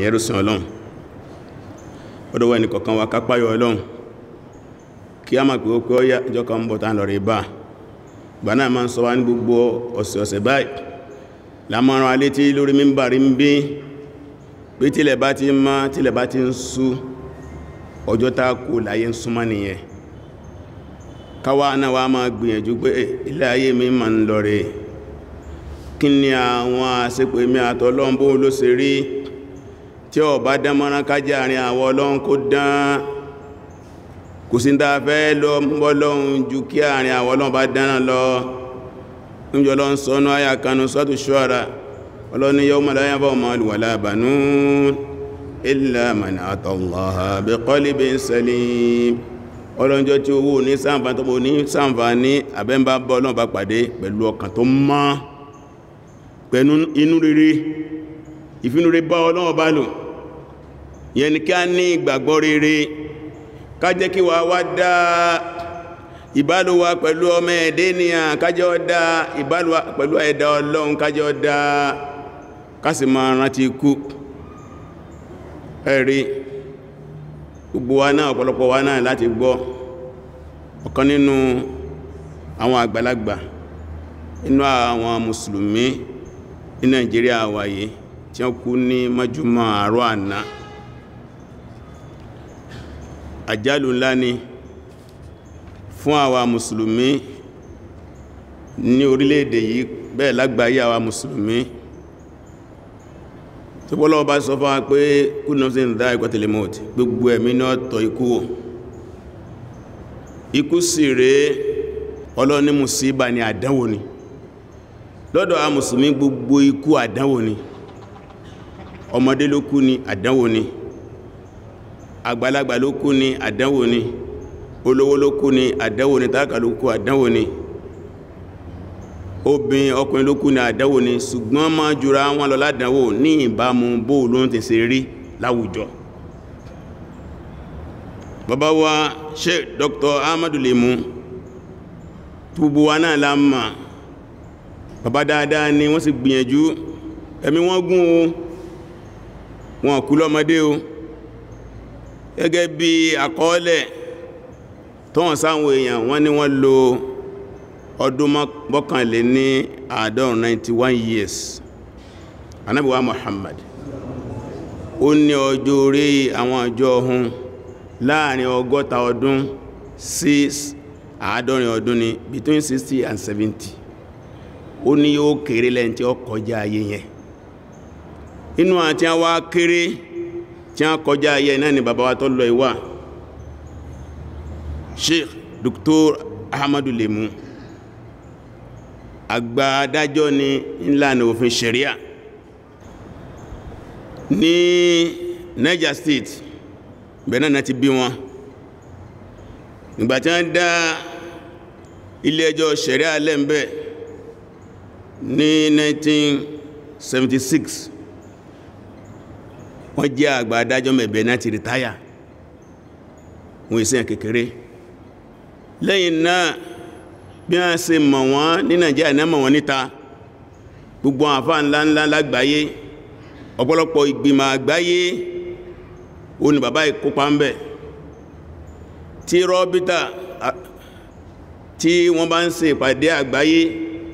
ẹ̀yẹ́ rúsùn ọlọ́run ọdọ́wọ́ ẹni kọ̀kan wa kápáyọ ọlọ́run kí a máa pè ó pé n ìjọ kan bọ̀ tán lọ́rẹ̀ bá gbà náà máa ń sọ wá ní gbogbo ọ̀sẹ̀ báyìí lámọ́ràn alé tí lórí mímbà rí ń bí pé tílẹ̀ bá ti má tílẹ̀ bá ti ń sú ọjọ́ tá kò láyé ń súnmọ́ nìyẹn káwa náà wá máa gbìyànjú pé eh, ilé ayé mi máa ń lọ rè kí ni àwọn àṣepèmí àtọlọ́mbó ló ṣe rí tí ó bá dámọ́rán kájá àrin àwọn ọlọ́run kó dán kò sí dáa fẹ́ lọ mọ́lọ́run jù kí àrin àwọn ọlọ́run bá dáná lọ níjọ lọ ń sọ́nú àyà kanu sọ́tù ṣọ́ra ọlọ́ni yóò mọ̀ láyà bọ́ mọ́lù wà lábànú illa man atallaha bi qalbin salim ọlọ́njọ́ tí owó ní sàǹfà tó ní sàǹfà bá pàdé bá ọlọ́run yẹn ni kí a ní ìgbàgbọ́ rere ká jẹ́ kí wà wá dá ìbálòwà pẹ̀lú ọmọ ẹ̀dẹ́ ènìyàn ká jẹ́ ó dá ìbálòwà pẹ̀lú ẹ̀dá ọlọ́run ká jẹ́ ó dá ká sì máa rántí ikú ẹ̀rí gbogbo wa náà ọ̀pọ̀lọpọ̀ wa náà láti gbọ́ ọ̀kan nínú àwọn àgbàlagbà inú àwọn mùsùlùmí ní Nàìjíríà wáyé tí wọ́n kú ní mọ́júmọ́ àárọ̀ àná àjálù ńlá ni fún àwa mùsùlùmí ní orílẹ̀-èdè yìí bẹ́ẹ̀ lágbàáyé àwa mùsùlùmí tí bọ́lọ́wọ́ bá sọ fún wa pé kú náà sí ìdá ìgbàtẹ̀lẹ̀ mọ́t gbogbo ẹ̀mí náà tọ́ ikú wò ikú sì rèé ọlọ́ni mùsíbà ni àdánwò ni lọ́dọ̀ a mùsùlùmí gbogbo ikú àdánwò ni ọmọdé ló ni àdánwò ni àgbàlagbà ló kú ní àdánwò ni olówó ló kú ní àdánwò ni tálákà ló kú àdánwò ni obìnrin ọkùnrin ló kú ní àdánwò ni ṣùgbọ́n máa jura wọn lọ ládánwò ní ìbámu bó ló ń tẹ̀sẹ̀ rí láwùjọ wa Sheikh Dr. Ahmadu Lemu túbú wa náà la mọ̀ bàbá dáadáa ni wọ́n kú lọ́mọdé o gẹ́gẹ́ bí àkọọ́lẹ̀ tọ́wọ̀n sáwọn èèyàn wọ́n ni wọ́n lo ọdún mọ́kànlé ní àádọ́rùn 91 years Ànábì wa Muhammad ó ní ọjọ́ orí àwọn ọjọ́ ọ̀hún láàrin ọgọ́ta ọdún 6 àádọ́rin ọdún ni between 60 and 70 ó ní yóò kéré lẹ́yìn tí ó kọjá ayé yẹn inú àti àwọn akéré tí wọ́n kọjá ayé náà ni bàbá wa tó lọ ìwà Sheikh Dr. Ahmadu Lemu àgbà adájọ́ ni ńlànà òfin sharia ní Niger State bẹ̀rẹ̀ náà ti bí wọn ìgbàtí wọ́n dá ilé ẹjọ́ sharia lẹ́m̀bẹ̀ ní 1976 wọ́n jẹ́ àgbà adájọ́ mẹ̀bẹ̀ náà ti rìtáyà wọ́n ìsìn kékeré lẹ́yìn náà bí wọ́n ṣe mọ̀ wọ́n ní Nàìjíríà náà mọ̀ wọ́n níta gbogbo àfá ńláńlá lágbàáyé ọ̀pọ̀lọpọ̀ ìgbìmọ̀ àgbáyé ó ní bàbá ìkópa ń bẹ̀ tí rọ́bítà tí wọ́n bá ń ṣe ìpàdé àgbáyé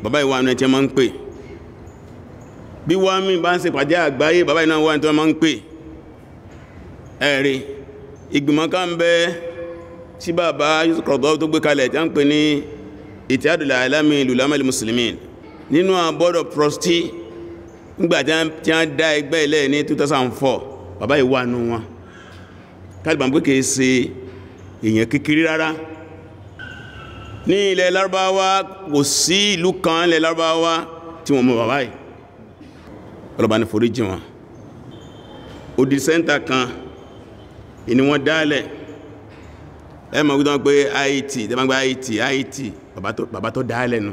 bàbá ìwà àwọn ẹ̀tẹ́ máa ń pè bí wọ́n mí bá ń ṣe pàdé àgbáyé bàbá iná wà ní tó máa ń pè ẹ̀rì ìgbìmọ̀ ká ń bẹ tí bàbá Yusuf Qaradawi tó gbé kalẹ̀ tí a ń pè ní Ittihadul Alami lil Ulama'il nínú a board of trustee nígbà tí a dá ẹgbẹ́ ilẹ̀ ní 2004 bàbá ìwà nù wọn kálìbà pé kìí ṣe èèyàn kékeré rárá ní ilẹ̀ Lárúbáwá kò sí ìlú kan ilẹ̀ Lárúbáwá tí wọ́n mọ̀ bàbá ọlọ́ba ní foríjì wọn odi sẹ́ńtà kan ìní wọn dálẹ̀ ẹ mọ̀ wípé wọ́n pé it tẹ́ máa gba it it bàbá tó dálẹ̀ nu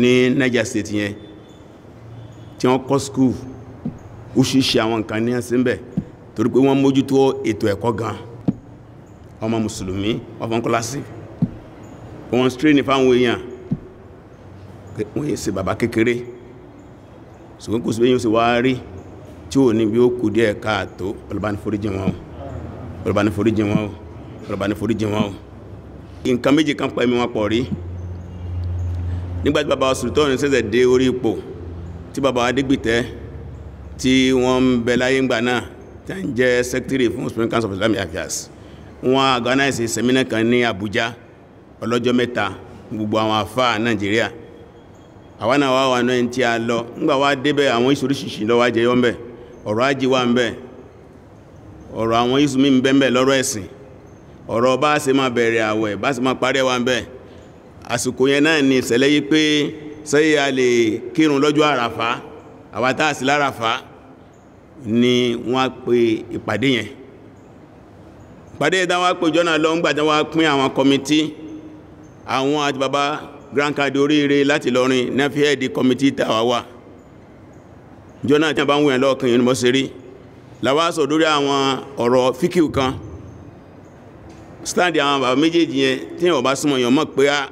ní Niger State yẹn tí wọ́n kọ́ school ó ṣiṣẹ́ àwọn nǹkan ní ẹ̀sìn bẹ̀ torí pé wọ́n mójútó ètò ẹ̀kọ́ gan ọmọ mùsùlùmí wọ́n fọ́n wọ́n strain fáwọn èèyàn wọ́n yẹ ṣe bàbá kékeré ṣùgbọ́n kò sí bẹ́yìn ó sì wá rí tí ò ní bí ó kù díẹ̀ káàtó ọlọ́bániforíjìn wọn ọlọ́bániforíjìn wọn ọlọ́bániforíjìn wọn nǹkan méjì kan pa ẹ̀mí wọn pọ̀ rí nígbàtí bàbá Sultan ṣẹ̀ṣẹ̀ dé orí ipò tí bàbá Adégbìtẹ́ tí wọ́n ń bẹ láyé ńgbà náà tí ń jẹ́ secretary fún Supreme Council of Islamic Affairs wọ́n organize seminar kan ní Abuja ọlọ́jọ́ mẹ́ta gbogbo àwọn àfáà Nàìjíríà àwọn náà wà wọnú ẹni tí a lọ ńgbà wá débẹ̀ àwọn iṣu lọ lọ́wọ́ ajẹyọ ńbẹ̀ ọ̀rọ̀ ajé wà ńbẹ̀ ọ̀rọ̀ àwọn iṣu mi ńbẹ̀ ńbẹ̀ lọ́rọ̀ ẹ̀sìn ọ̀rọ̀ bá ṣe máa bẹ̀rẹ̀ àwẹ̀ bá ṣe máa parí wa ńbẹ̀ àsìkò yẹn náà ni ìṣẹ̀lẹ̀ yìí pé sẹ́yìn a lè kírun lọ́jọ́ àràfá àwa tá láràfá ni wọ́n pe ìpàdé yẹn ìpàdé yẹn lọ ńgbà pín àwọn kọmití àwọn àti bàbá grand card oríire láti lọ́rin náfíẹ́ di kọmití tàwa wà jọ́nà tí a bá ń wùyàn lọ́ọ̀kan yìí mọ́ sí rí làwásọ̀ lórí àwọn ọ̀rọ̀ fíkìw kan stand àwọn bàbá méjèèjì yẹn tí wọ́n bá súnmọ́ yàn mọ̀ pé ah,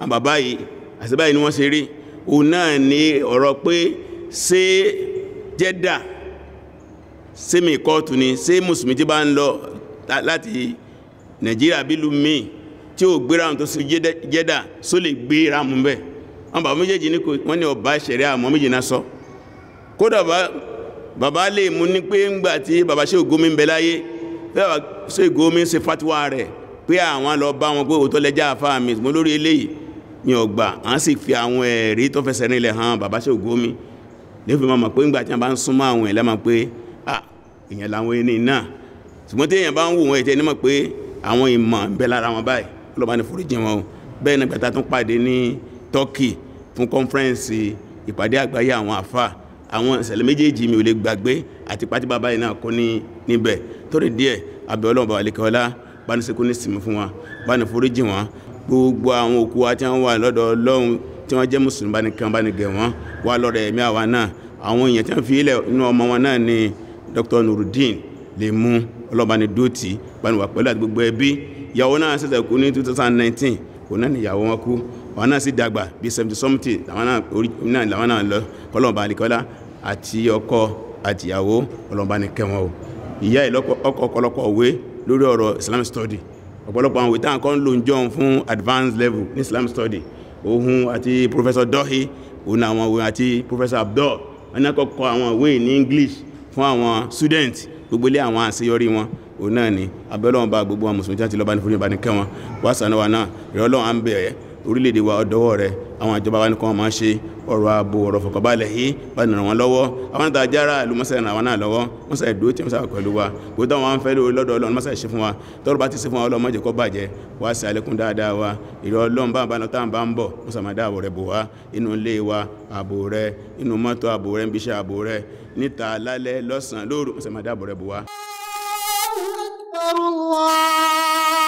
àwọn bàbá yìí àti báyìí ni wọ́n ṣe rí òun náà ní ọ̀rọ̀ pé ṣé jẹ́dà ṣé mi kọ́ọ̀tù ni ṣé mùsùlùmí tí bá ń lọ láti nàìjíríà bílùú míì tí ó gbéra tó sí jẹ́dà só lè gbéra mú bẹ́ wọn bàbá méjèèjì ní kò wọ́n ní ọba ṣẹ̀rẹ́ àmọ́ méjì náà sọ kódà bàbá lè mú ní pé ń gbà tí bàbá ṣe ògómi ń bẹ láyé bẹ́ẹ̀ ṣe ògómi ṣe fatiwa rẹ̀ pé àwọn lọ bá wọn pé òótọ́ lẹ́jà àfa mi mo lórí eléyìí ní ọgbà àwọn sì fi àwọn ẹ̀rí tó fẹsẹ̀ nílẹ̀ hàn bàbá ṣe ògómi lẹ́fẹ̀ẹ́ máa mọ̀ pé ńgbà tí wọ́n ń súnmọ́ àwọn ẹ̀ lẹ́mọ̀ pé ah èèyàn làwọn ẹni náà ṣùgbọ́n tí èèyàn bá ń wò wọ́n ètè ní mọ̀ pé àwọn ìmọ̀ ń bẹ lára wọn báyìí ọlọ́ba ní foríjì wọn o bẹ́ẹ̀ ni gbàtà tún pàdé ní Turkey fún kọ́nfẹ́rẹ́nsì ìpàdé àgbáyé àwọn àfà àwọn ìṣẹ̀lẹ̀ méjèèjì mi ò lè gbàgbé àti pátí bàbá yìí náà kó ní níbẹ̀ torí díẹ̀ abẹ́ ọlọ́run bàbá àlekẹ́ ọlá bá ní sekú ní sinmi fún wa bá ní foríjì wọn gbogbo àwọn òkú wa tí wọ́n wà lọ́dọ̀ ọlọ́run tí wọ́n jẹ́ mùsùlùmí bá ní kan bá ní gẹ̀ wọ́n wà lọ́dọ̀ ẹ̀mí àwa náà àwọn èèyàn tí wọ́n fi ilẹ̀ inú ọmọ wọn náà ni Dr. Nurudeen lè mú ọlọ́ba ní dóòtì bá ní wà pẹ̀lú àti gbogbo ẹbí ìyàwó náà ṣẹ̀ṣẹ̀ kú ní 2019 òun náà nìyàwó wọn kú wọn náà sì dàgbà bí 70 something làwọn náà lọ kọlọmọba àlìkọlá àti ọkọ àtìyàwó kọlọmọba ní kẹwọn o ìyá ìlọpọ ọ̀pọ̀lọpọ̀ òwe lórí ọ̀rọ̀ Islam study ọ̀pọ̀lọpọ̀ àwọn òwe táwọn kan lò ń jọun fún advanced level ní Islam study òun àti Professor Dohi òun náà àwọn òwe àti Professor Abdul wọn náà kọ́kọ́ àwọn òwe ní English fún àwọn students gbogbo ilé àwọn àṣeyọrí wọn O náà ni abẹ́lọ́wọ́n bá gbogbo àwọn mùsùlùmí jáde lọ́ba ní fúnni wá sànú wa náà ìrọ̀lọ́wọ́n à ń bẹ̀rẹ̀ orílẹ̀-èdè wa ọ̀dọ́wọ́ rẹ̀ àwọn àjọba wa ní kọ́ wọn máa ṣe ọ̀rọ̀ ààbò ọ̀rọ̀ fọkànbalẹ̀ yìí bá nìràn wọn lọ́wọ́ àwọn àti àjára ìlú mọ́sẹ̀ ràn wọn náà lọ́wọ́ wọ́n dúró tí wọ́n pẹ̀lú wa gbogbo táwọn wa ti ṣe fún wa ọlọ́run ń الله